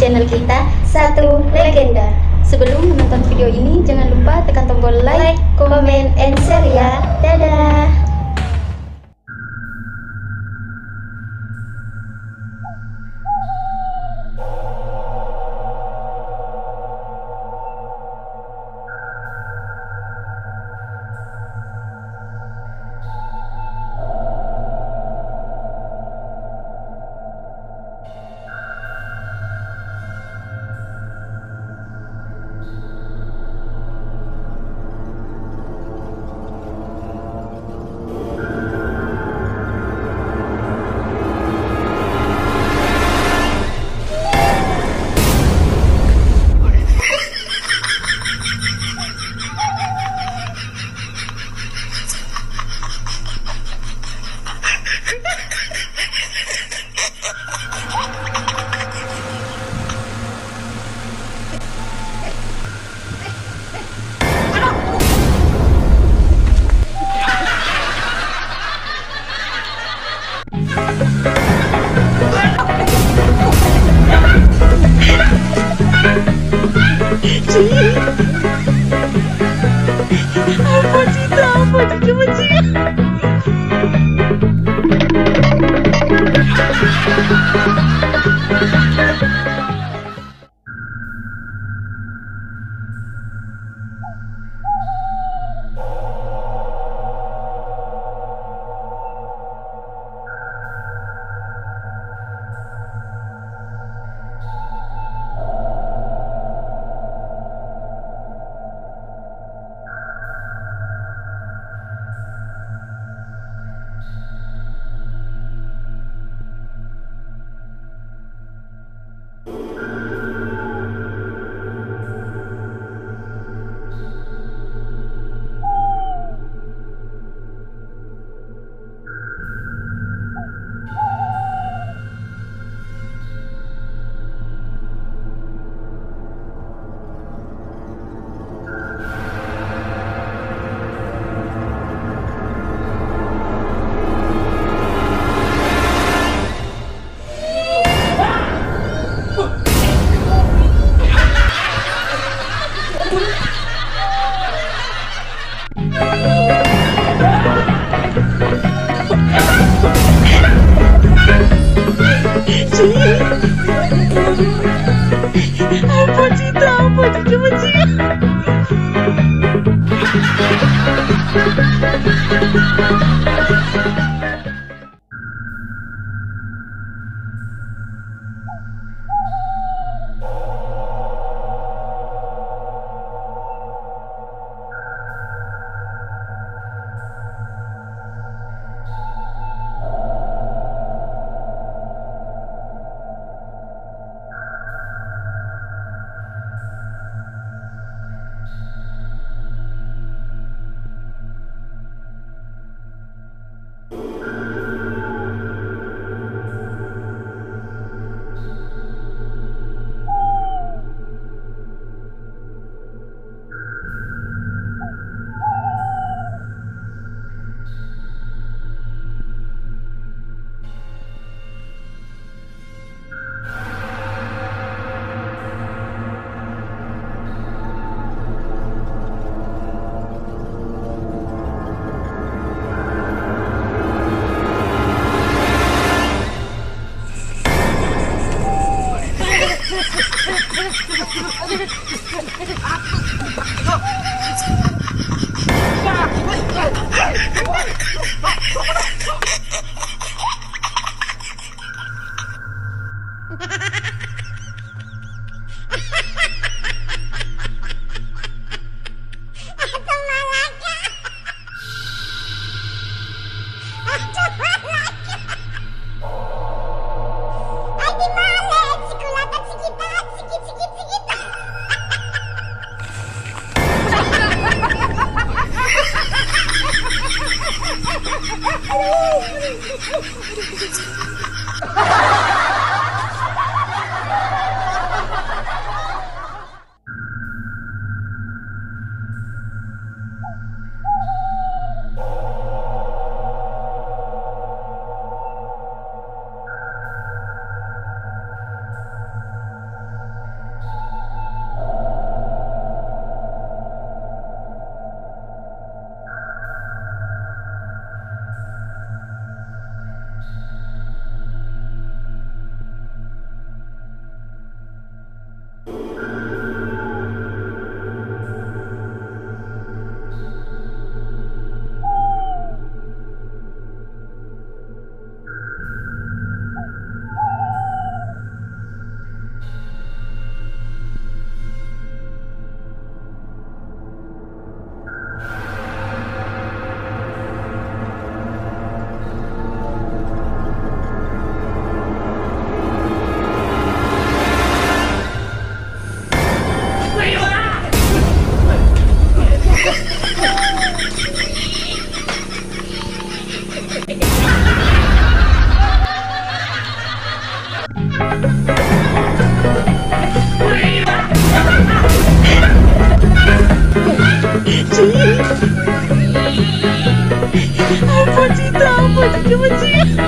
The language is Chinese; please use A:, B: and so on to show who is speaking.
A: channel kita Satu Legenda. Sebelum menonton video ini, jangan lupa tekan tombol like, comment, and share ya. Thank you. 我不知道，不知道，不知道。 아, 이거. 对不起